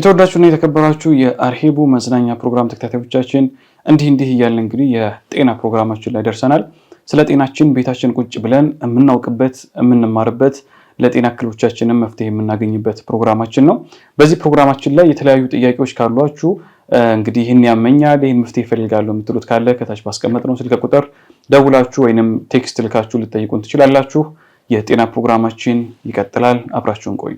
የተወዳችሁና የተከበራችሁ የአርሄቡ መዝናኛ ፕሮግራም ተከታታዮቻችን እንዲህ እንዲህ እያልን እንግዲህ የጤና ፕሮግራማችን ላይ ደርሰናል። ስለ ጤናችን ቤታችን ቁጭ ብለን የምናውቅበት የምንማርበት ለጤና እክሎቻችንም መፍትሄ የምናገኝበት ፕሮግራማችን ነው። በዚህ ፕሮግራማችን ላይ የተለያዩ ጥያቄዎች ካሏችሁ እንግዲህ ይህን ያመኛል፣ ይህን መፍትሄ ይፈልጋለሁ የምትሉት ካለ ከታች ነው ስልክ ቁጥር ደውላችሁ ወይንም ቴክስት ልካችሁ ልጠይቁን ትችላላችሁ። የጤና ፕሮግራማችን ይቀጥላል። አብራችሁን ቆዩ።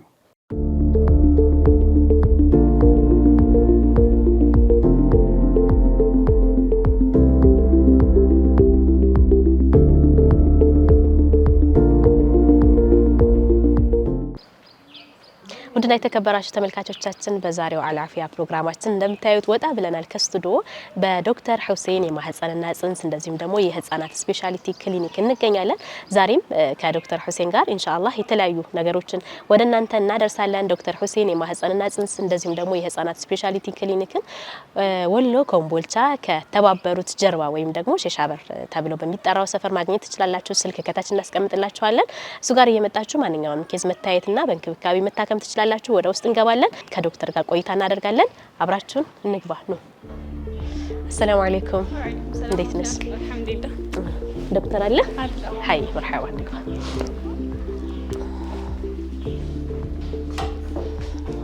ውድና የተከበራችሁ ተመልካቾቻችን በዛሬው አላፊያ ፕሮግራማችን እንደምታዩት ወጣ ብለናል ከስቱዲዮ በዶክተር ሁሴን የማህፀንና ጽንስ እንደዚሁም ደግሞ የህፃናት ስፔሻሊቲ ክሊኒክ እንገኛለን። ዛሬም ከዶክተር ሁሴን ጋር ኢንሻአላህ የተለያዩ ነገሮችን ወደ እናንተ እናደርሳለን። ዶክተር ሁሴን የማህፀንና ጽንስ እንደዚሁም ደግሞ የህፃናት ስፔሻሊቲ ክሊኒክን ወሎ ኮምቦልቻ ከተባበሩት ጀርባ ወይም ደግሞ ሼሻበር ተብሎ በሚጠራው ሰፈር ማግኘት ትችላላችሁ። ስልክ ከታች እናስቀምጥላችኋለን። እሱ ጋር እየመጣችሁ ማንኛውንም ኬዝ መታየትና በእንክብካቤ መታከም ትችላላችሁ። ታደርጋላችሁ። ወደ ውስጥ እንገባለን። ከዶክተር ጋር ቆይታ እናደርጋለን። አብራችሁን እንግባ ነው። አሰላሙ አሌይኩም እንዴት ነሽ? ዶክተር አለ ሀይ መርሐባ፣ እንግባ።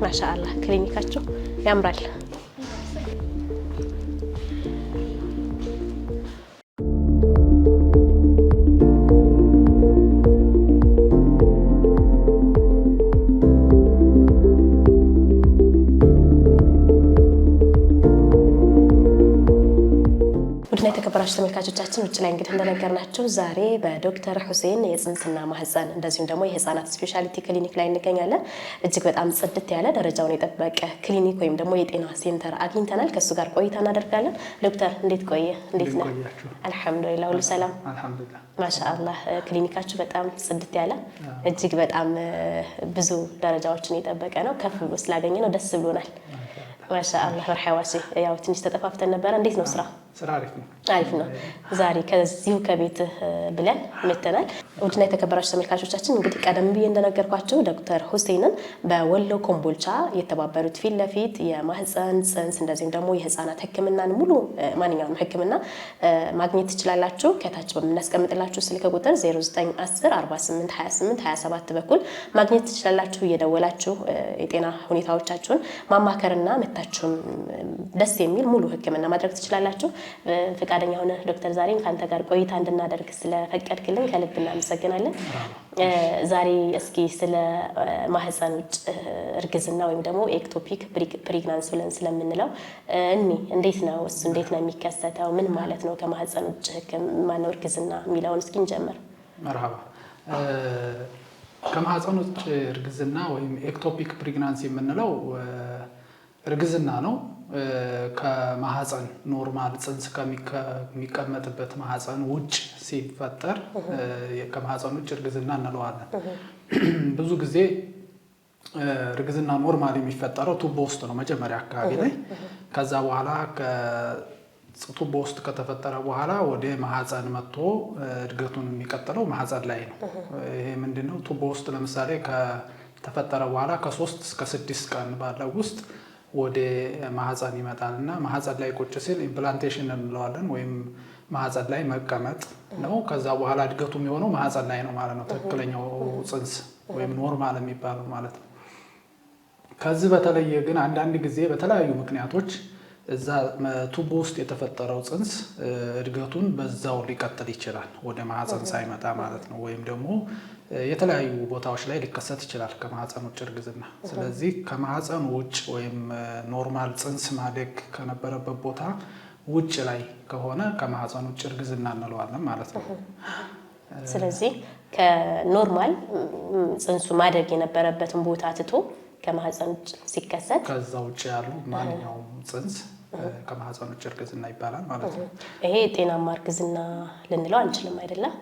ማሻአላህ ክሊኒካቸው ያምራል። አድማጭ ተመልካቾቻችን ውጭ ላይ እንግዲህ እንደነገርናቸው ዛሬ በዶክተር ሁሴን የጽንስና ማህፀን እንደዚሁም ደግሞ የህፃናት ስፔሻሊቲ ክሊኒክ ላይ እንገኛለን። እጅግ በጣም ጽድት ያለ ደረጃውን የጠበቀ ክሊኒክ ወይም ደግሞ የጤና ሴንተር አግኝተናል። ከእሱ ጋር ቆይታ እናደርጋለን። ዶክተር እንዴት ቆየ? እንዴት ነው? አልሐምዱሊላ ሁሉ ሰላም ማሻአላህ። ክሊኒካችሁ በጣም ጽድት ያለ እጅግ በጣም ብዙ ደረጃዎችን የጠበቀ ነው። ከፍ ብሎ ስላገኘ ነው ደስ ብሎናል። ማሻአላህ መርሐዋሴ። ያው ትንሽ ተጠፋፍተን ነበረ። እንዴት ነው ስራ? ስራ አሪፍ ነው፣ አሪፍ ነው። ዛሬ ከዚሁ ከቤት ብለን መተናል። ውድና የተከበራችሁ ተመልካቾቻችን እንግዲህ ቀደም ብዬ እንደነገርኳቸው ዶክተር ሁሴንን በወሎ ኮምቦልቻ የተባበሩት ፊት ለፊት የማህፀን ፅንስ፣ እንደዚሁም ደግሞ የህፃናት ህክምናን ሙሉ ማንኛውም ህክምና ማግኘት ትችላላችሁ። ከታች በምናስቀምጥላችሁ ስልክ ቁጥር 0910 48 28 27 በኩል ማግኘት ትችላላችሁ። እየደወላችሁ የጤና ሁኔታዎቻችሁን ማማከርና መታችሁም ደስ የሚል ሙሉ ህክምና ማድረግ ትችላላችሁ። ፈቃደኛ ሆነ ዶክተር ዛሬም ከአንተ ጋር ቆይታ እንድናደርግ ስለፈቀድክልን ከልብና እናመሰግናለን። ዛሬ እስኪ ስለ ማህፀን ውጭ እርግዝና ወይም ደግሞ ኤክቶፒክ ፕሪግናንስ ብለን ስለምንለው እኒ እንዴት ነው እሱ እንዴት ነው የሚከሰተው? ምን ማለት ነው? ከማህፀን ውጭ ህክም ማነው እርግዝና የሚለውን እስኪ እንጀምር። መርሃባ ከማህፀን ውጭ እርግዝና ወይም ኤክቶፒክ ፕሪግናንስ የምንለው እርግዝና ነው ከማህፀን ኖርማል ፅንስ ከሚቀመጥበት ማህፀን ውጭ ሲፈጠር ከማህፀን ውጭ እርግዝና እንለዋለን። ብዙ ጊዜ እርግዝና ኖርማል የሚፈጠረው ቱቦ ውስጥ ነው መጀመሪያ አካባቢ ላይ። ከዛ በኋላ ቱቦ ውስጥ ከተፈጠረ በኋላ ወደ ማህፀን መጥቶ እድገቱን የሚቀጥለው ማህፀን ላይ ነው። ይሄ ምንድነው? ቱቦ ውስጥ ለምሳሌ ከተፈጠረ በኋላ ከሶስት እስከ ስድስት ቀን ባለው ውስጥ ወደ ማህፀን ይመጣል እና ማህፀን ላይ ቁጭ ሲል ኢምፕላንቴሽን እንለዋለን ወይም ማህፀን ላይ መቀመጥ ነው። ከዛ በኋላ እድገቱ የሚሆነው ማህፀን ላይ ነው ማለት ነው። ትክክለኛው ጽንስ ወይም ኖርማል የሚባለው ማለት ነው። ከዚህ በተለየ ግን አንዳንድ ጊዜ በተለያዩ ምክንያቶች እዛ ቱቦ ውስጥ የተፈጠረው ፅንስ እድገቱን በዛው ሊቀጥል ይችላል፣ ወደ ማህፀን ሳይመጣ ማለት ነው። ወይም ደግሞ የተለያዩ ቦታዎች ላይ ሊከሰት ይችላል ከማህፀን ውጭ እርግዝና። ስለዚህ ከማህፀን ውጭ ወይም ኖርማል ፅንስ ማደግ ከነበረበት ቦታ ውጭ ላይ ከሆነ ከማህፀን ውጭ እርግዝና እንለዋለን ማለት ነው። ስለዚህ ከኖርማል ፅንሱ ማደግ የነበረበትን ቦታ ትቶ ከማህፀን ውጭ ሲከሰት ከዛ ውጭ ያሉ ማንኛውም ፅንስ ከማህፀን ውጭ እርግዝና ይባላል ማለት ነው። ይሄ ጤናማ እርግዝና ልንለው አንችልም አይደለም?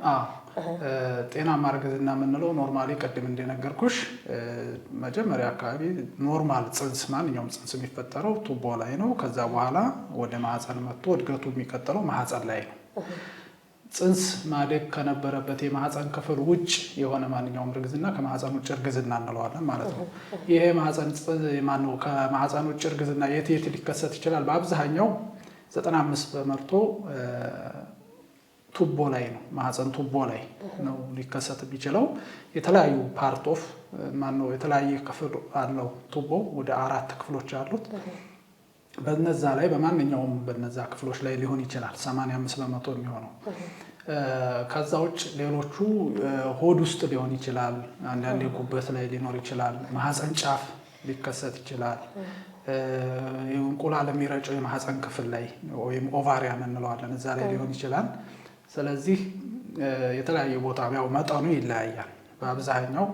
ጤናማ እርግዝና የምንለው ኖርማሊ ቅድም እንደነገርኩሽ መጀመሪያ አካባቢ ኖርማል ጽንስ፣ ማንኛውም ጽንስ የሚፈጠረው ቱቦ ላይ ነው። ከዛ በኋላ ወደ ማህፀን መጥቶ እድገቱ የሚቀጥለው ማህፀን ላይ ነው። ጽንስ ማደግ ከነበረበት የማህፀን ክፍል ውጭ የሆነ ማንኛውም እርግዝና ከማህፀን ውጭ እርግዝና እንለዋለን ማለት ነው። ይሄ ማነው ከማህፀን ውጭ እርግዝና የት የት ሊከሰት ይችላል? በአብዛኛው 95 በመርቶ ቱቦ ላይ ነው፣ ማህፀን ቱቦ ላይ ነው ሊከሰት የሚችለው። የተለያዩ ፓርት ኦፍ ማነው የተለያየ ክፍል አለው ቱቦ ወደ አራት ክፍሎች አሉት በነዛ ላይ በማንኛውም በነዛ ክፍሎች ላይ ሊሆን ይችላል 85 በመቶ የሚሆነው። ከዛ ውጭ ሌሎቹ ሆድ ውስጥ ሊሆን ይችላል፣ አንዳንዴ ጉበት ላይ ሊኖር ይችላል፣ ማህፀን ጫፍ ሊከሰት ይችላል። እንቁላል የሚረጨው የማህፀን ክፍል ላይ ወይም ኦቫሪያን እንለዋለን እዛ ላይ ሊሆን ይችላል። ስለዚህ የተለያየ ቦታ ያው መጠኑ ይለያያል። በአብዛኛው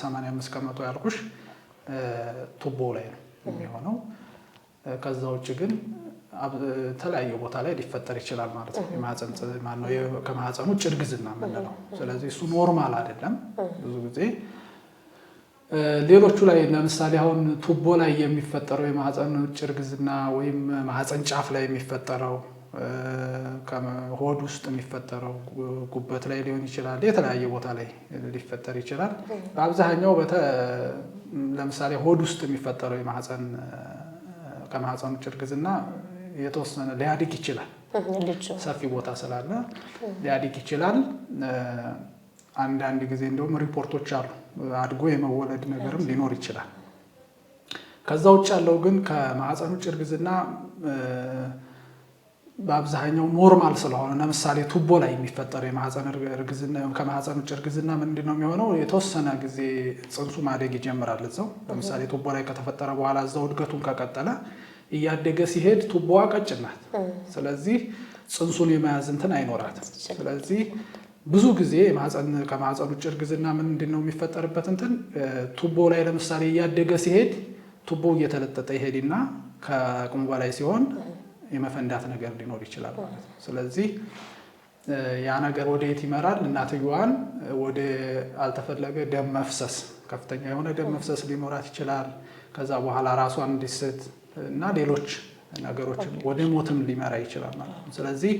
85 ከመቶ ያልኩሽ ቱቦ ላይ ነው የሚሆነው። ከዛ ውጭ ግን ተለያየ ቦታ ላይ ሊፈጠር ይችላል ማለት ነው። ከማህፀን ውጭ እርግዝና የምንለው ስለዚህ እሱ ኖርማል አይደለም። ብዙ ጊዜ ሌሎቹ ላይ ለምሳሌ አሁን ቱቦ ላይ የሚፈጠረው የማህፀን ውጭ እርግዝና ወይም ማህፀን ጫፍ ላይ የሚፈጠረው ሆድ ውስጥ የሚፈጠረው ጉበት ላይ ሊሆን ይችላል። የተለያየ ቦታ ላይ ሊፈጠር ይችላል። በአብዛኛው ለምሳሌ ሆድ ውስጥ የሚፈጠረው የማህፀን ከማህፀኑ ጭርግዝና እርግዝና የተወሰነ ሊያድግ ይችላል። ሰፊ ቦታ ስላለ ሊያድግ ይችላል። አንዳንድ ጊዜ እንደውም ሪፖርቶች አሉ፣ አድጎ የመወለድ ነገርም ሊኖር ይችላል። ከዛ ውጭ ያለው ግን ከማህፀን ጭርግዝና እርግዝና በአብዛኛው ኖርማል ስለሆነ ለምሳሌ ቱቦ ላይ የሚፈጠር የማህፀን እርግዝና ከማህፀን ውጭ እርግዝና ምንድን ነው የሚሆነው? የተወሰነ ጊዜ ጽንሱ ማደግ ይጀምራል። እዛው ለምሳሌ ቱቦ ላይ ከተፈጠረ በኋላ እዛው እድገቱን ከቀጠለ እያደገ ሲሄድ ቱቦዋ ቀጭን ናት። ስለዚህ ጽንሱን የመያዝ እንትን አይኖራት። ስለዚህ ብዙ ጊዜ ከማህፀን ውጭ እርግዝና ምንድን ነው የሚፈጠርበት እንትን ቱቦ ላይ ለምሳሌ እያደገ ሲሄድ ቱቦ እየተለጠጠ ይሄድና ከአቅሙ በላይ ሲሆን የመፈንዳት ነገር ሊኖር ይችላል ማለት ነው። ስለዚህ ያ ነገር ወደ የት ይመራል? እናትየዋን ወደ አልተፈለገ ደም መፍሰስ፣ ከፍተኛ የሆነ ደም መፍሰስ ሊኖራት ይችላል። ከዛ በኋላ ራሷን እንዲስት እና ሌሎች ነገሮችን ወደ ሞትም ሊመራ ይችላል ማለት ነው። ስለዚህ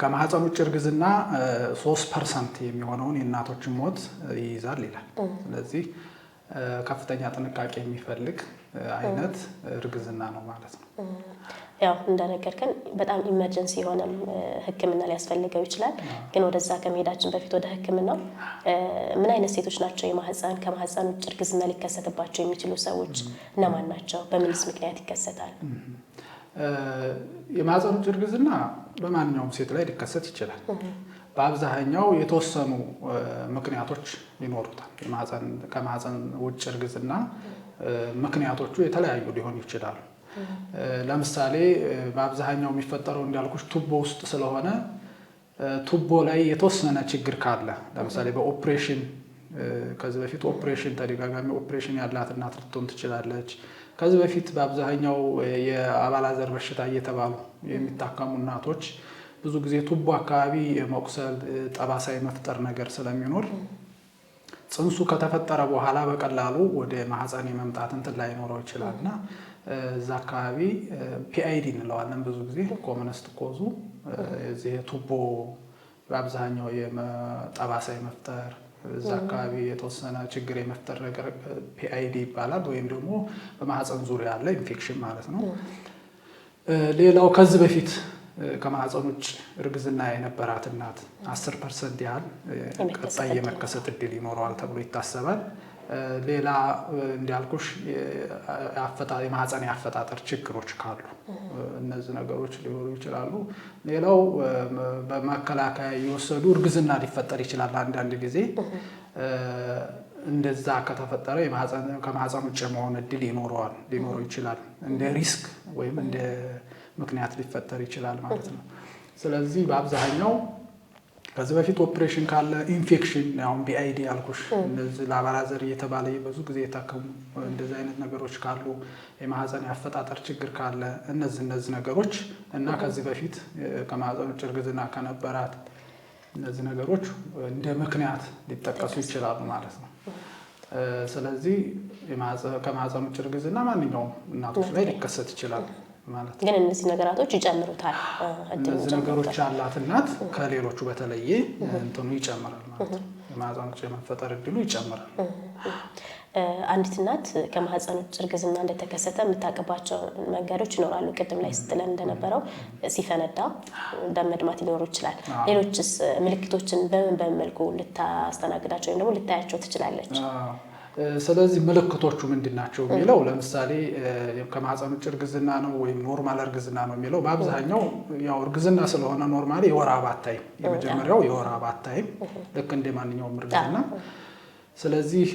ከማህፀን ውጭ እርግዝና ሶስት ፐርሰንት የሚሆነውን የእናቶችን ሞት ይይዛል ይላል። ስለዚህ ከፍተኛ ጥንቃቄ የሚፈልግ አይነት እርግዝና ነው ማለት ነው። ያው እንደነገርከን በጣም ኢመርጀንሲ የሆነም ሕክምና ሊያስፈልገው ይችላል። ግን ወደዛ ከመሄዳችን በፊት ወደ ሕክምናው ምን አይነት ሴቶች ናቸው የማህፀን ከማህፀን ውጭ እርግዝና ሊከሰትባቸው የሚችሉ ሰዎች እነማን ናቸው? በምንስ ምክንያት ይከሰታል? የማህፀን ውጭ እርግዝና በማንኛውም ሴት ላይ ሊከሰት ይችላል። በአብዛኛው የተወሰኑ ምክንያቶች ይኖሩታል። ከማህፀን ውጭ እርግዝና ምክንያቶቹ የተለያዩ ሊሆኑ ይችላሉ። ለምሳሌ በአብዛኛው የሚፈጠረው እንዳልኩች ቱቦ ውስጥ ስለሆነ ቱቦ ላይ የተወሰነ ችግር ካለ ለምሳሌ በኦፕሬሽን ከዚህ በፊት ኦፕሬሽን ተደጋጋሚ ኦፕሬሽን ያላት እናት ልትሆን ትችላለች። ከዚህ በፊት በአብዛኛው የአባላዘር በሽታ እየተባሉ የሚታከሙ እናቶች ብዙ ጊዜ ቱቦ አካባቢ የመቁሰል ጠባሳ የመፍጠር ነገር ስለሚኖር ጽንሱ ከተፈጠረ በኋላ በቀላሉ ወደ ማህፀን የመምጣት እንትን ላይኖረው ይችላል እና እዛ አካባቢ ፒአይዲ እንለዋለን ብዙ ጊዜ ኮመነስት ኮዙ እዚህ የቱቦ በአብዛኛው የጠባሳ የመፍጠር እዛ አካባቢ የተወሰነ ችግር የመፍጠር ነገር ፒአይዲ ይባላል። ወይም ደግሞ በማህፀን ዙሪያ ያለ ኢንፌክሽን ማለት ነው። ሌላው ከዚህ በፊት ከማዕፀን ውጭ እርግዝና የነበራት እናት አስር ፐርሰንት ያህል ቀጣይ የመከሰት እድል ይኖረዋል ተብሎ ይታሰባል። ሌላ እንዲያልኩሽ የማህፀን የአፈጣጠር ችግሮች ካሉ እነዚህ ነገሮች ሊኖሩ ይችላሉ። ሌላው በመከላከያ የወሰዱ እርግዝና ሊፈጠር ይችላል። አንዳንድ ጊዜ እንደዛ ከተፈጠረ ከማህፀን ውጭ የመሆን እድል ይኖረዋል ሊኖረው ይችላል እንደ ሪስክ ወይም እንደ ምክንያት ሊፈጠር ይችላል ማለት ነው። ስለዚህ በአብዛኛው ከዚህ በፊት ኦፕሬሽን ካለ ኢንፌክሽን አሁን ቢአይዲ አልኩሽ፣ እንደዚህ ላባላዘር እየተባለ ብዙ ጊዜ የታከሙ እንደዚህ አይነት ነገሮች ካሉ የማህፀን የአፈጣጠር ችግር ካለ እነዚህ እነዚህ ነገሮች እና ከዚህ በፊት ከማህፀን ውጭ እርግዝና ከነበራት እነዚህ ነገሮች እንደ ምክንያት ሊጠቀሱ ይችላሉ ማለት ነው። ስለዚህ ከማህፀን ውጭ እርግዝና ማንኛውም እናቶች ላይ ሊከሰት ይችላል። ግን እነዚህ ነገራቶች ይጨምሩታል። እነዚህ ነገሮች ያላት እናት ከሌሎቹ በተለየ እንትኑ ይጨምራል ማለት ነው። የማህፀን ውጭ የመፈጠር እድሉ ይጨምራል። አንዲት እናት ከማህፀን ውጭ እርግዝና እንደተከሰተ የምታውቅባቸው መንገዶች ይኖራሉ። ቅድም ላይ ስትለን እንደነበረው ሲፈነዳ ደም መድማት ሊኖሩ ይችላል። ሌሎችስ ምልክቶችን በምን በምን መልኩ ልታስተናግዳቸው ወይም ደግሞ ልታያቸው ትችላለች? ስለዚህ ምልክቶቹ ምንድን ናቸው የሚለው ለምሳሌ ከማህፀን ውጭ እርግዝና ነው ወይም ኖርማል እርግዝና ነው የሚለው በአብዛኛው ያው እርግዝና ስለሆነ ኖርማሊ የወር አበባ አታይም። የመጀመሪያው የወር አበባ አታይም፣ ልክ እንደ ማንኛውም እርግዝና። ስለዚህ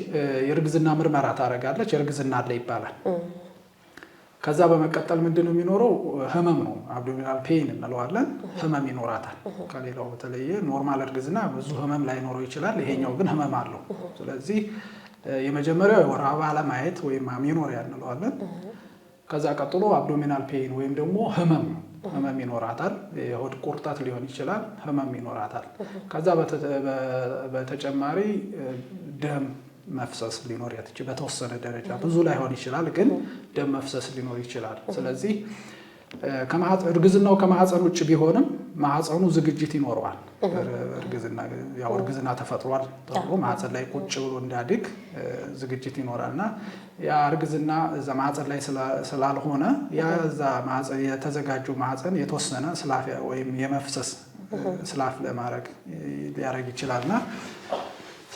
የእርግዝና ምርመራ ታደርጋለች። የእርግዝና አለ ይባላል። ከዛ በመቀጠል ምንድን ነው የሚኖረው? ህመም ነው። አብዶሚናል ፔን እንለዋለን። ህመም ይኖራታል። ከሌላው በተለየ ኖርማል እርግዝና ብዙ ህመም ላይኖረው ይችላል። ይሄኛው ግን ህመም አለው። ስለዚህ የመጀመሪያው የወር አበባ አለማየት ወይም አሜኖሪያ እንለዋለን። ከዛ ቀጥሎ አብዶሚናል ፔይን ወይም ደግሞ ህመም ህመም ይኖራታል። የሆድ ቁርጠት ሊሆን ይችላል። ህመም ይኖራታል። ከዛ በተጨማሪ ደም መፍሰስ ሊኖር በተወሰነ ደረጃ ብዙ ላይሆን ይችላል፣ ግን ደም መፍሰስ ሊኖር ይችላል። ስለዚህ እርግዝናው ከማህፀን ውጭ ቢሆንም ማህፀኑ ዝግጅት ይኖረዋል። እርግዝና ተፈጥሯል ተብሎ ማህፀን ላይ ቁጭ ብሎ እንዳድግ ዝግጅት ይኖራል እና ያ እርግዝና እዛ ማህፀን ላይ ስላልሆነ ያ የተዘጋጁ የተዘጋጀው ማህፀን የተወሰነ ስላፍ ወይም የመፍሰስ ስላፍ ለማድረግ ሊያደረግ ይችላል እና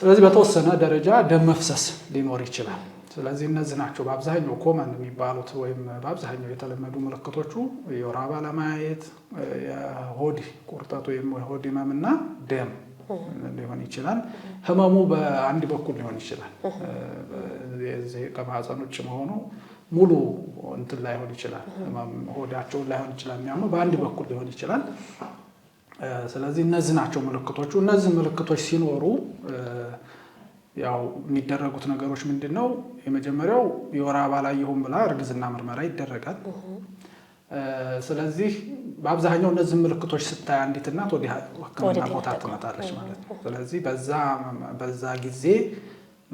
ስለዚህ በተወሰነ ደረጃ ደም መፍሰስ ሊኖር ይችላል። ስለዚህ እነዚህ ናቸው በአብዛኛው ኮመን የሚባሉት ወይም በአብዛኛው የተለመዱ ምልክቶቹ የወር አበባ አለማየት፣ የሆድ ቁርጠት ወይም የሆድ ህመምና ደም ሊሆን ይችላል። ህመሙ በአንድ በኩል ሊሆን ይችላል። የዚህ ከማህፀን ውጭ መሆኑ ሙሉ እንትን ላይሆን ይችላል። ሆዳቸውን ላይሆን ይችላል የሚያምኑ በአንድ በኩል ሊሆን ይችላል። ስለዚህ እነዚህ ናቸው ምልክቶቹ። እነዚህ ምልክቶች ሲኖሩ ያው የሚደረጉት ነገሮች ምንድን ነው? የመጀመሪያው የወር አበባ አላየሁም ብላ እርግዝና ምርመራ ይደረጋል። ስለዚህ በአብዛኛው እነዚህ ምልክቶች ስታይ አንዲት እናት ወደ ሕክምና ቦታ ትመጣለች ማለት ነው። ስለዚህ በዛ ጊዜ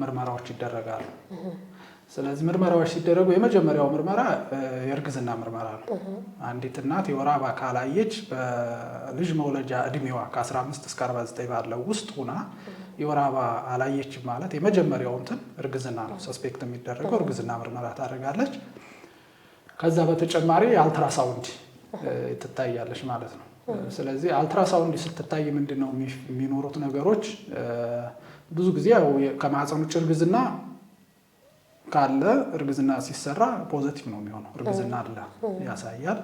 ምርመራዎች ይደረጋሉ። ስለዚህ ምርመራዎች ሲደረጉ የመጀመሪያው ምርመራ የእርግዝና ምርመራ ነው። አንዲት እናት የወር አበባ ካላየች በልጅ መውለጃ እድሜዋ ከ15 እስከ 49 ባለው ውስጥ ሁና የወር አበባ አላየችም ማለት የመጀመሪያው እንትን እርግዝና ነው ሰስፔክት የሚደረገው እርግዝና ምርመራ ታደርጋለች። ከዛ በተጨማሪ አልትራሳውንድ ትታያለች ማለት ነው። ስለዚህ አልትራሳውንድ ስትታይ ምንድን ነው የሚኖሩት ነገሮች? ብዙ ጊዜ ከማህፀን ውጭ እርግዝና ካለ እርግዝና ሲሰራ ፖዘቲቭ ነው የሚሆነው፣ እርግዝና አለ ያሳያል።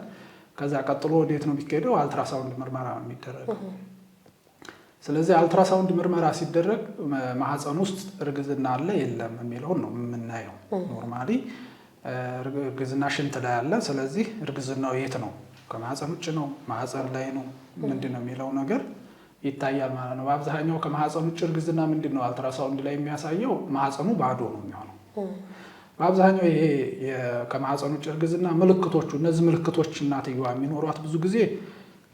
ከዛ ቀጥሎ ወዴት ነው የሚካሄደው? አልትራሳውንድ ምርመራ ነው የሚደረገው። ስለዚህ አልትራሳውንድ ምርመራ ሲደረግ ማህፀን ውስጥ እርግዝና አለ የለም የሚለውን ነው የምናየው። ኖርማሊ እርግዝና ሽንት ላይ አለ። ስለዚህ እርግዝናው የት ነው? ከማህፀን ውጭ ነው? ማህፀን ላይ ነው? ምንድን ነው የሚለው ነገር ይታያል ማለት ነው። በአብዛኛው ከማህፀን ውጭ እርግዝና ምንድን ነው አልትራሳውንድ ላይ የሚያሳየው ማህፀኑ ባዶ ነው የሚሆነው። በአብዛኛው ይሄ ከማህፀን ውጭ እርግዝና ምልክቶቹ እነዚህ ምልክቶች እናትየዋ የሚኖሯት ብዙ ጊዜ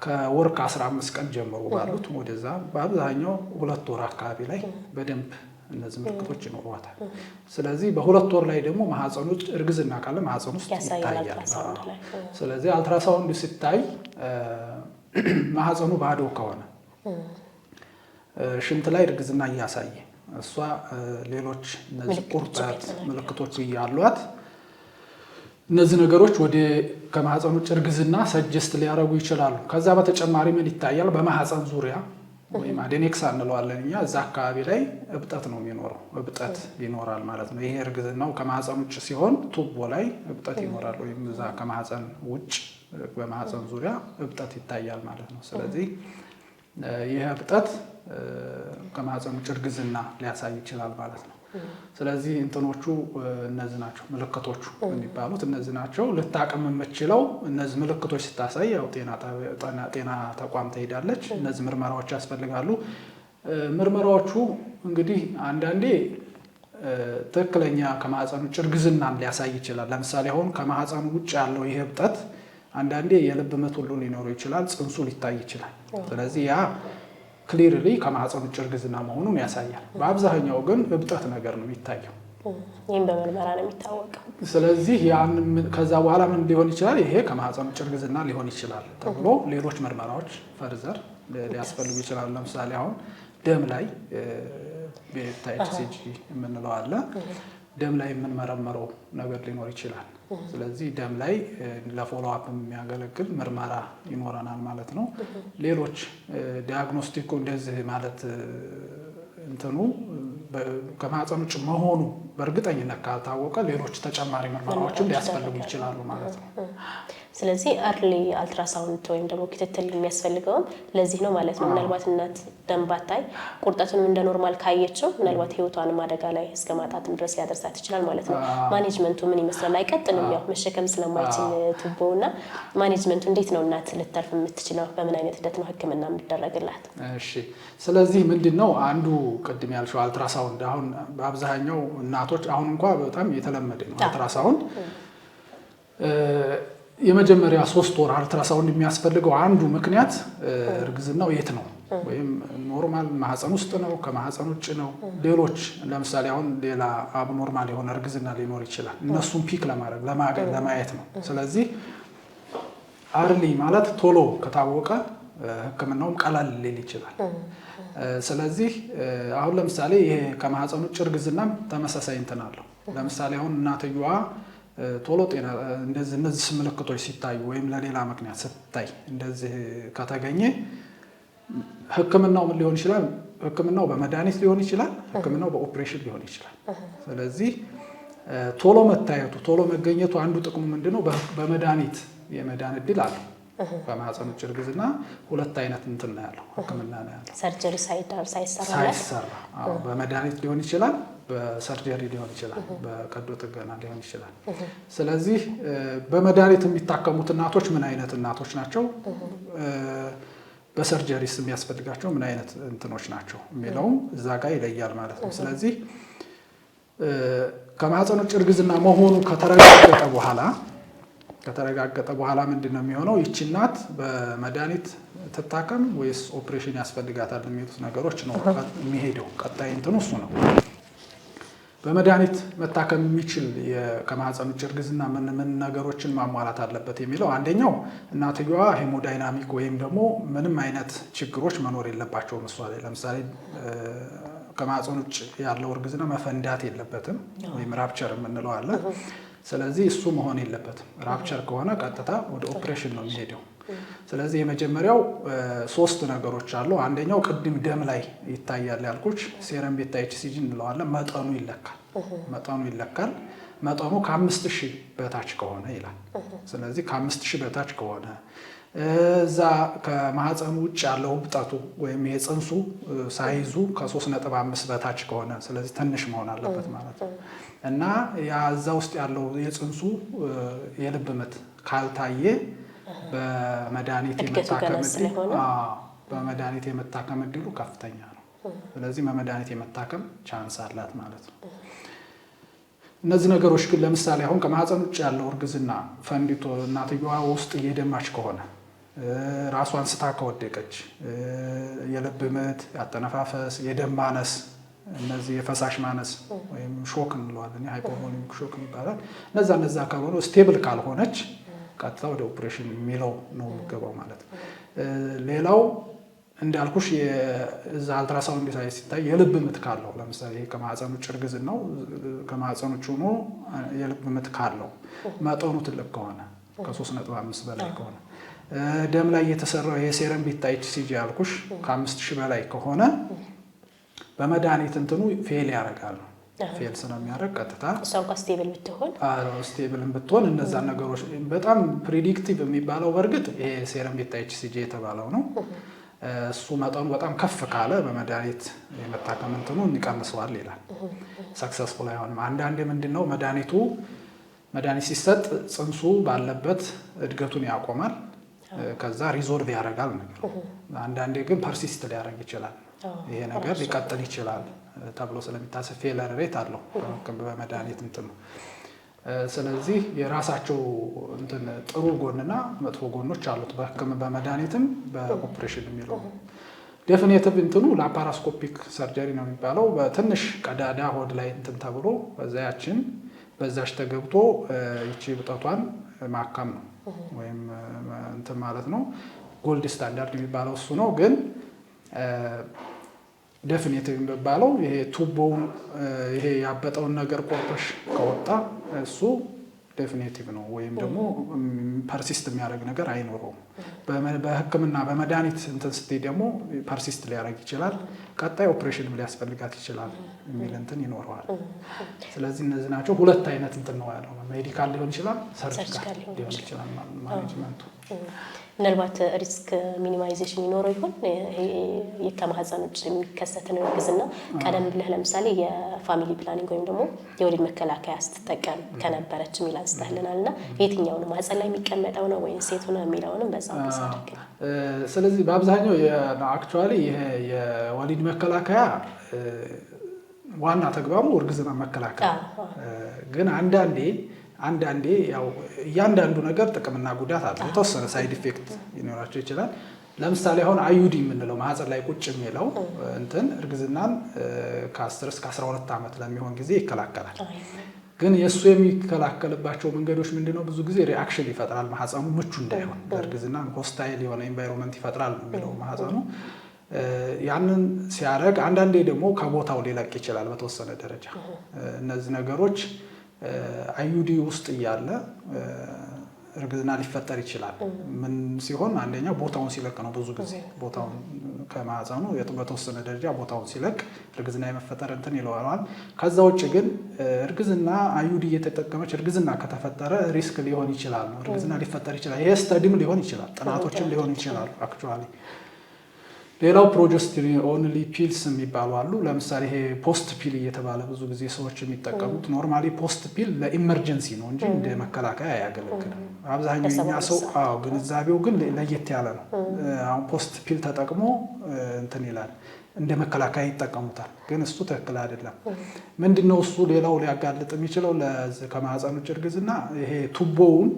ከወር ከ15 ቀን ጀምሮ ባሉት ወደዛ በአብዛኛው ሁለት ወር አካባቢ ላይ በደንብ እነዚህ ምልክቶች ይኖሯታል። ስለዚህ በሁለት ወር ላይ ደግሞ ማህፀን ውስጥ እርግዝና ካለ ማህፀን ውስጥ ይታያል። ስለዚህ አልትራሳውንድ ሲታይ ማህፀኑ ባዶ ከሆነ ሽንት ላይ እርግዝና እያሳየ እሷ ሌሎች እነዚህ ቁርጠት ምልክቶች እያሏት እነዚህ ነገሮች ወደ ከማህፀን ውጭ እርግዝና ሰጀስት ሊያደርጉ ይችላሉ። ከዛ በተጨማሪ ምን ይታያል? በማህፀን ዙሪያ ወይም አዴኔክስ እንለዋለን እኛ እዛ አካባቢ ላይ እብጠት ነው የሚኖረው። እብጠት ይኖራል ማለት ነው። ይሄ እርግዝናው ከማህፀን ውጭ ሲሆን ቱቦ ላይ እብጠት ይኖራል፣ ወይም እዛ ከማህፀን ውጭ በማህፀን ዙሪያ እብጠት ይታያል ማለት ነው። ስለዚህ ይህ እብጠት ከማህፀን ውጭ እርግዝና ሊያሳይ ይችላል ማለት ነው። ስለዚህ እንትኖቹ እነዚህ ናቸው ምልክቶቹ የሚባሉት እነዚህ ናቸው። ልታቅም የምችለው እነዚህ ምልክቶች ስታሳይ ያው ጤና ተቋም ትሄዳለች። እነዚህ ምርመራዎች ያስፈልጋሉ። ምርመራዎቹ እንግዲህ አንዳንዴ ትክክለኛ ከማህፀን ውጭ እርግዝናን ሊያሳይ ይችላል። ለምሳሌ አሁን ከማህፀን ውጭ ያለው ይህ እብጠት አንዳንዴ የልብ ምት ሁሉ ሊኖሩ ይችላል። ፅንሱ ሊታይ ይችላል። ስለዚህ ያ ክሊርሊ ከማህፀን ውጭ እርግዝና መሆኑን ያሳያል። በአብዛኛው ግን እብጠት ነገር ነው የሚታየው። ይህም በምርመራ ነው የሚታወቀው። ስለዚህ ከዛ በኋላ ምን ሊሆን ይችላል? ይሄ ከማህፀን ውጭ እርግዝና ሊሆን ይችላል ተብሎ ሌሎች ምርመራዎች ፈርዘር ሊያስፈልጉ ይችላሉ። ለምሳሌ አሁን ደም ላይ ቤታ ኤች የምንለው አለ ደም ላይ የምንመረምረው ነገር ሊኖር ይችላል። ስለዚህ ደም ላይ አፕ የሚያገለግል ምርመራ ይኖረናል ማለት ነው። ሌሎች ዲያግኖስቲኩ እንደዚህ ማለት እንትኑ ከማህፀን ውጭ መሆኑ በእርግጠኝነት ካልታወቀ ሌሎች ተጨማሪ ምርመራዎችም ሊያስፈልጉ ይችላሉ ማለት ነው። ስለዚህ አርሊ አልትራሳውንድ ወይም ደግሞ ክትትል የሚያስፈልገውም ለዚህ ነው ማለት ነው። ምናልባት እናት ደም ባታይ ቁርጠቱንም እንደ ኖርማል ካየችው ምናልባት ህይወቷንም አደጋ ላይ እስከ ማጣትም ድረስ ሊያደርሳት ይችላል ማለት ነው። ማኔጅመንቱ ምን ይመስላል? አይቀጥልም፣ ያው መሸከም ስለማይችል ቱቦው እና ማኔጅመንቱ እንዴት ነው እናት ልተርፍ የምትችለው? በምን አይነት ሂደት ነው ህክምና የሚደረግላት? እሺ፣ ስለዚህ ምንድን ነው አንዱ ቅድም ያልሽው አልትራሳውንድ፣ አሁን በአብዛኛው እናቶች አሁን እንኳ በጣም የተለመደ ነው አልትራሳውንድ የመጀመሪያ ሶስት ወር አልትራሳውንድ የሚያስፈልገው አንዱ ምክንያት እርግዝናው የት ነው ወይም ኖርማል ማህፀን ውስጥ ነው፣ ከማህፀን ውጭ ነው፣ ሌሎች ለምሳሌ አሁን ሌላ አብኖርማል የሆነ እርግዝና ሊኖር ይችላል። እነሱን ፒክ ለማድረግ ለማገል ለማየት ነው። ስለዚህ አርሊ ማለት ቶሎ ከታወቀ ህክምናውም ቀላል ሊል ይችላል። ስለዚህ አሁን ለምሳሌ ይሄ ከማህፀን ውጭ እርግዝናም ተመሳሳይ እንትን አለው። ለምሳሌ አሁን እናትየዋ ቶሎ ጤና እንደዚህ እነዚህ ምልክቶች ሲታዩ ወይም ለሌላ ምክንያት ስታይ እንደዚህ ከተገኘ ሕክምናው ምን ሊሆን ይችላል? ሕክምናው በመድኃኒት ሊሆን ይችላል። ሕክምናው በኦፕሬሽን ሊሆን ይችላል። ስለዚህ ቶሎ መታየቱ ቶሎ መገኘቱ አንዱ ጥቅሙ ምንድነው? በመድኃኒት የመዳን እድል አለ። በማህፀን ውጭ እርግዝና ሁለት አይነት እንትን ነው ያለው ነው ያለው ሰርጀሪ ሳይሰራ በመድኃኒት ሊሆን ይችላል በሰርጀሪ ሊሆን ይችላል፣ በቀዶ ጥገና ሊሆን ይችላል። ስለዚህ በመድኃኒት የሚታከሙት እናቶች ምን አይነት እናቶች ናቸው፣ በሰርጀሪስ የሚያስፈልጋቸው ምን አይነት እንትኖች ናቸው የሚለውም እዛ ጋር ይለያል ማለት ነው። ስለዚህ ከማህፀን ውጭ እርግዝና መሆኑ ከተረጋገጠ በኋላ ከተረጋገጠ በኋላ ምንድን ነው የሚሆነው? ይቺ እናት በመድኃኒት ትታከም ወይስ ኦፕሬሽን ያስፈልጋታል የሚሉት ነገሮች ነው የሚሄደው። ቀጣይ እንትኑ እሱ ነው። በመድኃኒት መታከም የሚችል ከማህፀን ውጭ እርግዝና ምን ምን ነገሮችን ማሟላት አለበት የሚለው አንደኛው እናትየዋ ሄሞዳይናሚክ ወይም ደግሞ ምንም አይነት ችግሮች መኖር የለባቸውም። እሷ ላይ ለምሳሌ ከማህፀን ውጭ ያለው እርግዝና መፈንዳት የለበትም ወይም ራፕቸር የምንለው አለ። ስለዚህ እሱ መሆን የለበትም። ራፕቸር ከሆነ ቀጥታ ወደ ኦፕሬሽን ነው የሚሄደው። ስለዚህ የመጀመሪያው ሶስት ነገሮች አሉ። አንደኛው ቅድም ደም ላይ ይታያል ያልኩች ሴረም ቤታ ኤችሲጂ እንለዋለን። መጠኑ ይለካል መጠኑ ይለካል። መጠኑ ከአምስት ሺህ በታች ከሆነ ይላል። ስለዚህ ከአምስት ሺህ በታች ከሆነ እዛ ከማህፀኑ ውጭ ያለው እብጠቱ ወይም የፅንሱ ሳይዙ ከሶስት ነጥብ አምስት በታች ከሆነ ስለዚህ ትንሽ መሆን አለበት ማለት ነው እና ያዛ ውስጥ ያለው የፅንሱ የልብ ምት ካልታየ በመድኃኒት የመታከም በመድኃኒት የመታከም እድሉ ከፍተኛ ነው። ስለዚህ በመድኃኒት የመታከም ቻንስ አላት ማለት ነው። እነዚህ ነገሮች ግን ለምሳሌ አሁን ከማህፀን ውጭ ያለው እርግዝና ፈንዲቶ እናትየዋ ውስጥ እየደማች ከሆነ ራሷን ስታ ከወደቀች፣ የልብ ምት፣ ያተነፋፈስ፣ የደም ማነስ፣ እነዚህ የፈሳሽ ማነስ ወይም ሾክ እንለዋለን፣ ሃይፖቮሊሚክ ሾክ ይባላል። እነዛ እነዛ ካልሆነ ስቴብል ካልሆነች ቀጥታ ወደ ኦፕሬሽን የሚለው ነው የሚገባው ማለት ነው። ሌላው እንዳልኩሽ እዛ አልትራሳውንድ ሳይ ሲታይ የልብ ምት ካለው ለምሳሌ ከማህፀን ውጭ እርግዝናው ከማህፀን ውጭ ሆኖ የልብ ምት ካለው መጠኑ ትልቅ ከሆነ ከሶስት ነጥብ አምስት በላይ ከሆነ ደም ላይ የተሰራው የሴረም ቢታይች ሲጂ ያልኩሽ ከአምስት ሺህ በላይ ከሆነ በመድኃኒት እንትኑ ፌል ያደርጋል ነው ፌል ስለሚያደርግ ቀጥታ እሷ ስቴብል ብትሆን ስቴብልን ብትሆን እነዛን ነገሮች በጣም ፕሪዲክቲቭ የሚባለው በእርግጥ ይሄ ሴረም ቤታ የተባለው ነው። እሱ መጠኑ በጣም ከፍ ካለ በመድኃኒት የመታከም እንትኑ ይቀንሰዋል ይላል። ሰክሰስፉል አይሆንም። አንዳንዴ ምንድን ነው መድኃኒቱ መድኃኒት ሲሰጥ ጽንሱ ባለበት እድገቱን ያቆማል። ከዛ ሪዞልቭ ያደርጋል ነገር። አንዳንዴ ግን ፐርሲስት ሊያደርግ ይችላል። ይሄ ነገር ሊቀጥል ይችላል። ተብሎ ስለሚታሰብ ፌለር ሬት አለው በመድኃኒት እንትን ነው። ስለዚህ የራሳቸው እንትን ጥሩ ጎንና መጥፎ ጎኖች አሉት በህክም በመድኃኒትም በኦፕሬሽን የሚለው ዴፊኔቲቭ እንትኑ ላፓራስኮፒክ ሰርጀሪ ነው የሚባለው። በትንሽ ቀዳዳ ሆድ ላይ እንትን ተብሎ በዛያችን በዛች ተገብቶ ይቺ ብጠቷን ማከም ነው ወይም እንትን ማለት ነው። ጎልድ ስታንዳርድ የሚባለው እሱ ነው ግን ደፍኔት የሚባለው ይሄ ቱቦውን ይሄ ያበጠውን ነገር ቆርጦሽ ከወጣ እሱ ዴፊኔቲቭ ነው ወይም ደግሞ ፐርሲስት የሚያደርግ ነገር አይኖረውም። በህክምና በመድኃኒት እንትን ስትይ ደግሞ ፐርሲስት ሊያደርግ ይችላል። ቀጣይ ኦፕሬሽንም ሊያስፈልጋት ይችላል የሚል እንትን ይኖረዋል። ስለዚህ እነዚህ ናቸው ሁለት አይነት እንትን ነው ያለው፣ ሜዲካል ሊሆን ይችላል፣ ሰርጂካል ሊሆን ይችላል ማኔጅመንቱ ምናልባት ሪስክ ሚኒማይዜሽን ይኖረው ይሆን? ከማህፀን ውጭ የሚከሰትን እርግዝና ቀደም ብለህ ለምሳሌ የፋሚሊ ፕላኒንግ ወይም ደግሞ የወሊድ መከላከያ ስትጠቀም ከነበረች የሚል አንስተህልናል እና የትኛውን ማህፀን ላይ የሚቀመጠው ነው ወይም ሴቱ ነው የሚለውንም በዛ ሳደግ ስለዚህ በአብዛኛው አክቹዋሊ ይሄ የወሊድ መከላከያ ዋና ተግባሙ እርግዝና መከላከያ ግን አንዳንዴ አንዳንዴ ያው እያንዳንዱ ነገር ጥቅምና ጉዳት አለው። የተወሰነ ሳይድ ኢፌክት ሊኖራቸው ይችላል። ለምሳሌ አሁን አዩዲ የምንለው ማህፀን ላይ ቁጭ የሚለው እንትን እርግዝናን ከ10 እስከ 12 ዓመት ለሚሆን ጊዜ ይከላከላል። ግን የእሱ የሚከላከልባቸው መንገዶች ምንድነው? ብዙ ጊዜ ሪአክሽን ይፈጥራል ማህፀኑ ምቹ እንዳይሆን ለእርግዝና ሆስታይል የሆነ ኤንቫይሮንመንት ይፈጥራል የሚለው ማህፀኑ ያንን ሲያደርግ፣ አንዳንዴ ደግሞ ከቦታው ሊለቅ ይችላል በተወሰነ ደረጃ እነዚህ ነገሮች አዩዲ ውስጥ እያለ እርግዝና ሊፈጠር ይችላል። ምን ሲሆን አንደኛው ቦታውን ሲለቅ ነው። ብዙ ጊዜ ቦታውን ከማዕፀኑ በተወሰነ ደረጃ ቦታውን ሲለቅ እርግዝና የመፈጠር እንትን ይለዋል። ከዛ ውጭ ግን እርግዝና አዩዲ እየተጠቀመች እርግዝና ከተፈጠረ ሪስክ ሊሆን ይችላል ነው። እርግዝና ሊፈጠር ይችላል። ይሄ ስተዲም ሊሆን ይችላል፣ ጥናቶችም ሊሆን ይችላሉ አክቹዋሊ ሌላው ኦንሊ ፒልስ የሚባሉ አሉ። ለምሳሌ ይሄ ፖስት ፒል እየተባለ ብዙ ጊዜ ሰዎች የሚጠቀሙት ኖርማሊ ፖስት ፒል ለኢመርጀንሲ ነው እንጂ እንደ መከላከያ አያገለግልም። አብዛኛው ኛ ሰው ግንዛቤው ግን ለየት ያለ ነው። አሁን ፖስት ፒል ተጠቅሞ እንትን ይላል፣ እንደ መከላከያ ይጠቀሙታል። ግን እሱ ትክክል አይደለም። ምንድነው እሱ ሌላው ሊያጋልጥ የሚችለው ከማህፀን ውጭ እርግዝና ይሄ ቱቦውን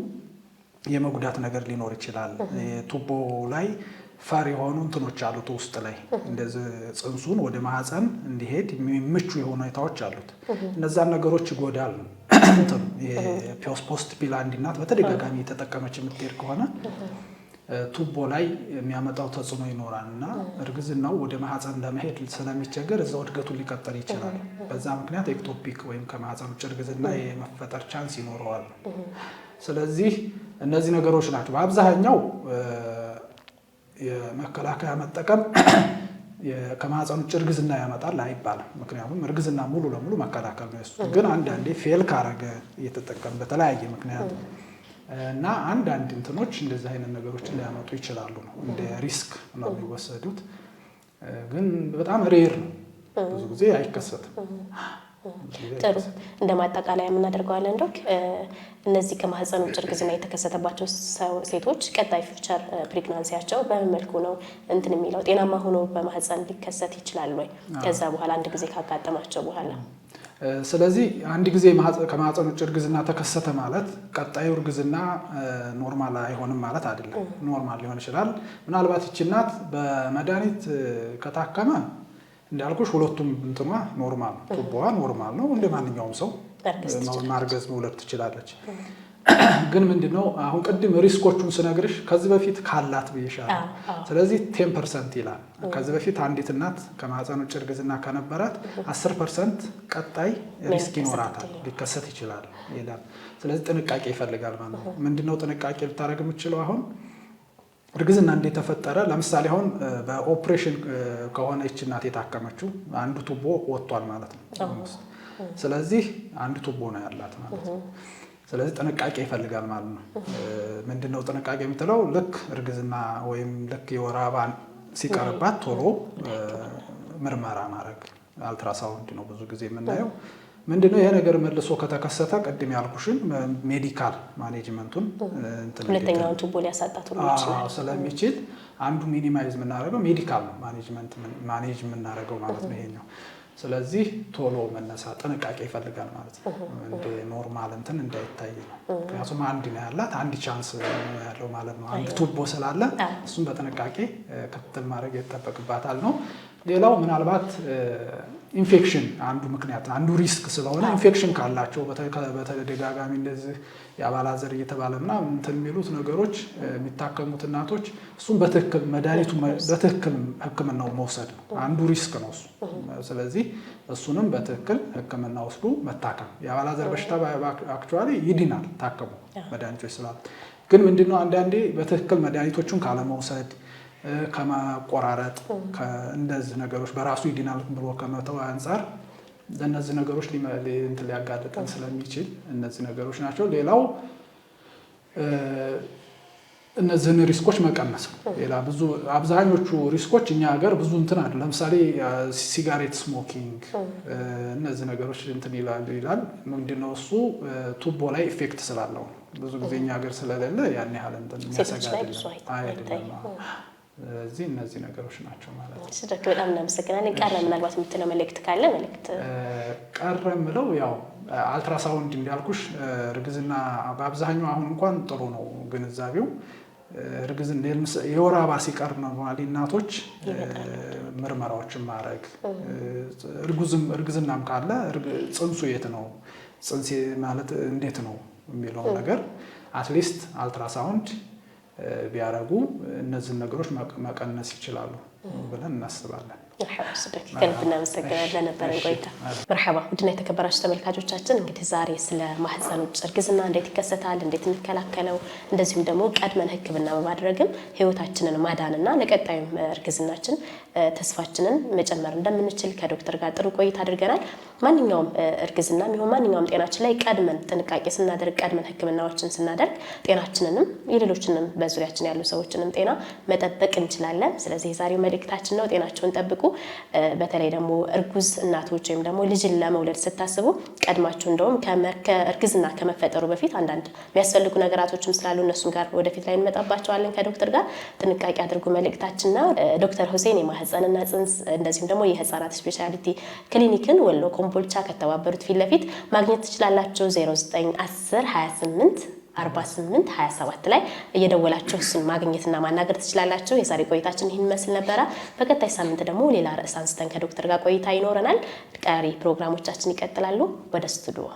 የመጉዳት ነገር ሊኖር ይችላል። ቱቦ ላይ ፈር የሆኑ እንትኖች አሉት ውስጥ ላይ እንደዚህ ጽንሱን ወደ ማህፀን እንዲሄድ ምቹ የሆኑ ሁኔታዎች አሉት። እነዛን ነገሮች ይጎዳል። ፖስት ፒል አንድ እናት በተደጋጋሚ የተጠቀመች የምትሄድ ከሆነ ቱቦ ላይ የሚያመጣው ተጽዕኖ ይኖራል እና እርግዝናው ወደ ማህፀን ለመሄድ ስለሚቸገር እዛው እድገቱን ሊቀጠል ይችላል። በዛ ምክንያት ኤክቶፒክ ወይም ከማህፀን ውጭ እርግዝና የመፈጠር ቻንስ ይኖረዋል። ስለዚህ እነዚህ ነገሮች ናቸው በአብዛኛው የመከላከያ መጠቀም ከማህፀን ውጭ እርግዝና ያመጣል አይባልም። ምክንያቱም እርግዝና ሙሉ ለሙሉ መከላከል ነው። እሱ ግን አንዳንዴ ፌል ካረገ እየተጠቀም በተለያየ ምክንያት እና አንዳንድ እንትኖች እንደዚህ አይነት ነገሮች ሊያመጡ ይችላሉ ነው እንደ ሪስክ ነው የሚወሰዱት፣ ግን በጣም ሬር ነው፣ ብዙ ጊዜ አይከሰትም። ጥሩ እንደ ማጠቃለያ የምናደርገዋለን ዶክ እነዚህ ከማህፀን ውጭ እርግዝና የተከሰተባቸው ሴቶች ቀጣይ ፊውቸር ፕሪግናንሲያቸው በምን መልኩ ነው እንትን የሚለው ጤናማ ሆኖ በማህፀን ሊከሰት ይችላል ወይ? ከዛ በኋላ አንድ ጊዜ ካጋጠማቸው በኋላ ስለዚህ አንድ ጊዜ ከማህፀን ውጭ እርግዝና ተከሰተ ማለት ቀጣዩ እርግዝና ኖርማል አይሆንም ማለት አይደለም። ኖርማል ሊሆን ይችላል። ምናልባት ይች እናት በመድኃኒት ከታከመ እንዳልኩሽ ሁለቱም እንትኗ ኖርማል ነው፣ ቱቦዋ ኖርማል ነው። እንደ ማንኛውም ሰው ማርገዝ መውለድ ትችላለች። ግን ምንድነው አሁን ቅድም ሪስኮቹን ስነግርሽ ከዚህ በፊት ካላት ብይሻለሁ። ስለዚህ ቴን ፐርሰንት ይላል። ከዚህ በፊት አንዲት እናት ከማህፀን ውጭ እርግዝና ከነበራት አስር ፐርሰንት ቀጣይ ሪስክ ይኖራታል፣ ሊከሰት ይችላል ይላል። ስለዚህ ጥንቃቄ ይፈልጋል ማለት ነው። ምንድነው ጥንቃቄ ልታደርግ የምችለው አሁን እርግዝና እንዴት ተፈጠረ? ለምሳሌ አሁን በኦፕሬሽን ከሆነ ይች እናት የታከመችው አንዱ ቱቦ ወጥቷል ማለት ነው። ስለዚህ አንድ ቱቦ ነው ያላት ማለት ነው። ስለዚህ ጥንቃቄ ይፈልጋል ማለት ነው። ምንድነው ጥንቃቄ የምትለው? ልክ እርግዝና ወይም ልክ የወር ሲቀርባት ቶሎ ምርመራ ማድረግ አልትራሳውንድ ነው ብዙ ጊዜ የምናየው ምንድነው ይሄ ነገር መልሶ ከተከሰተ ቅድም ያልኩሽን ሜዲካል ማኔጅመንቱን ሁለተኛውን ቱቦ ሊያሳጣት ስለሚችል አንዱ ሚኒማይዝ የምናደርገው ሜዲካል ማኔጅመንት ማኔጅ የምናደርገው ማለት ነው ይሄኛው። ስለዚህ ቶሎ መነሳ ጥንቃቄ ይፈልጋል ማለት ነው። እንደ ኖርማል እንትን እንዳይታይ ነው። ምክንያቱም አንድ ነው ያላት አንድ ቻንስ ያለው ማለት ነው። አንድ ቱቦ ስላለ እሱም በጥንቃቄ ክትትል ማድረግ ይጠበቅባታል ነው። ሌላው ምናልባት ኢንፌክሽን አንዱ ምክንያት አንዱ ሪስክ ስለሆነ ኢንፌክሽን ካላቸው በተደጋጋሚ እንደዚህ የአባላዘር እየተባለ ምናምን እንትን የሚሉት ነገሮች የሚታከሙት እናቶች እሱም በትክክል መድኃኒቱ በትክክል ህክምናው መውሰድ ነው አንዱ ሪስክ ነው እሱ። ስለዚህ እሱንም በትክክል ህክምና ወስዱ መታከም የአባላዘር በሽታ አክቹዋሊ ይድናል ታከሙ መድኃኒቶች ስላሉ። ግን ምንድነው አንዳንዴ በትክክል መድኃኒቶቹን ካለመውሰድ ከማቆራረጥ እንደዚህ ነገሮች በራሱ ይድናል ብሎ ከመተው አንጻር ለእነዚህ ነገሮች እንትን ሊያጋጥጠን ስለሚችል እነዚህ ነገሮች ናቸው። ሌላው እነዚህን ሪስኮች መቀነስ ነው። ሌላ ብዙ አብዛኞቹ ሪስኮች እኛ ሀገር ብዙ እንትን አለ። ለምሳሌ ሲጋሬት ስሞኪንግ እነዚህ ነገሮች እንትን ይላሉ ይላል። ምንድነው እሱ ቱቦ ላይ ኢፌክት ስላለው ብዙ ጊዜ እኛ ሀገር ስለሌለ ያን ያህል እንትን የሚያሰጋ አይደለም። እዚህ እነዚህ ነገሮች ናቸው ማለት ነው። እሺ በጣም እናመሰግናለን። ቀረ ምናልባት የምትለው መልእክት ካለ መልእክት? ቀረ ያው አልትራሳውንድ እንዳልኩሽ እርግዝና በአብዛኛው አሁን እንኳን ጥሩ ነው ግንዛቤው እርግዝና የወር አበባ ሲቀር ኖርማሊ እናቶች ምርመራዎችን ማድረግ እርግዝናም ካለ ጽንሱ የት ነው ጽንሴ ማለት እንዴት ነው የሚለውን ነገር አትሊስት አልትራሳውንድ ቢያረጉ እነዚህን ነገሮች መቀነስ ይችላሉ ብለን እናስባለን። ከልብ እናመሰግናለን ለነበረን ቆይታ። መርሐባ ውድና የተከበራችሁ ተመልካቾቻችን እንግዲህ ዛሬ ስለ ማህፀን ውጭ እርግዝና እንዴት ይከሰታል፣ እንዴት እንከላከለው፣ እንደዚሁም ደግሞ ቀድመን ሕክምና በማድረግም ህይወታችንን ማዳንና ለቀጣዩ እርግዝናችን ተስፋችንን መጨመር እንደምንችል ከዶክተር ጋር ጥሩ ቆይታ አድርገናል። ማንኛውም እርግዝና የሚሆን ማንኛውም ጤናችን ላይ ቀድመን ጥንቃቄ ስናደርግ፣ ቀድመን ሕክምናዎችን ስናደርግ ጤናችንንም የሌሎችንም በዙሪያችን ያሉ ሰዎችንም ጤና መጠበቅ እንችላለን። ስለዚህ የዛሬው መልእክታችን ነው፣ ጤናቸውን ጠብቁ። በተለይ ደግሞ እርጉዝ እናቶች ወይም ደግሞ ልጅን ለመውለድ ስታስቡ ቀድማችሁ እንደውም እርግዝና ከመፈጠሩ በፊት አንዳንድ የሚያስፈልጉ ነገራቶችም ስላሉ እነሱም ጋር ወደፊት ላይ እንመጣባቸዋለን ከዶክተር ጋር ጥንቃቄ አድርጉ መልእክታችን ነው። ዶክተር ሁሴን የማህፀንና ጽንስ እንደዚሁም ደግሞ የህፃናት ስፔሻሊቲ ክሊኒክን ወሎ ኮምቦልቻ ከተባበሩት ፊት ለፊት ማግኘት ትችላላቸው 0910 28 48 27 ላይ እየደወላችሁ እሱን ማግኘትና ማናገር ትችላላችሁ። የዛሬ ቆይታችን ይህን ይመስል ነበረ። በቀጣይ ሳምንት ደግሞ ሌላ ርዕስ አንስተን ከዶክተር ጋር ቆይታ ይኖረናል። ቀሪ ፕሮግራሞቻችን ይቀጥላሉ። ወደ ስቱዲዮ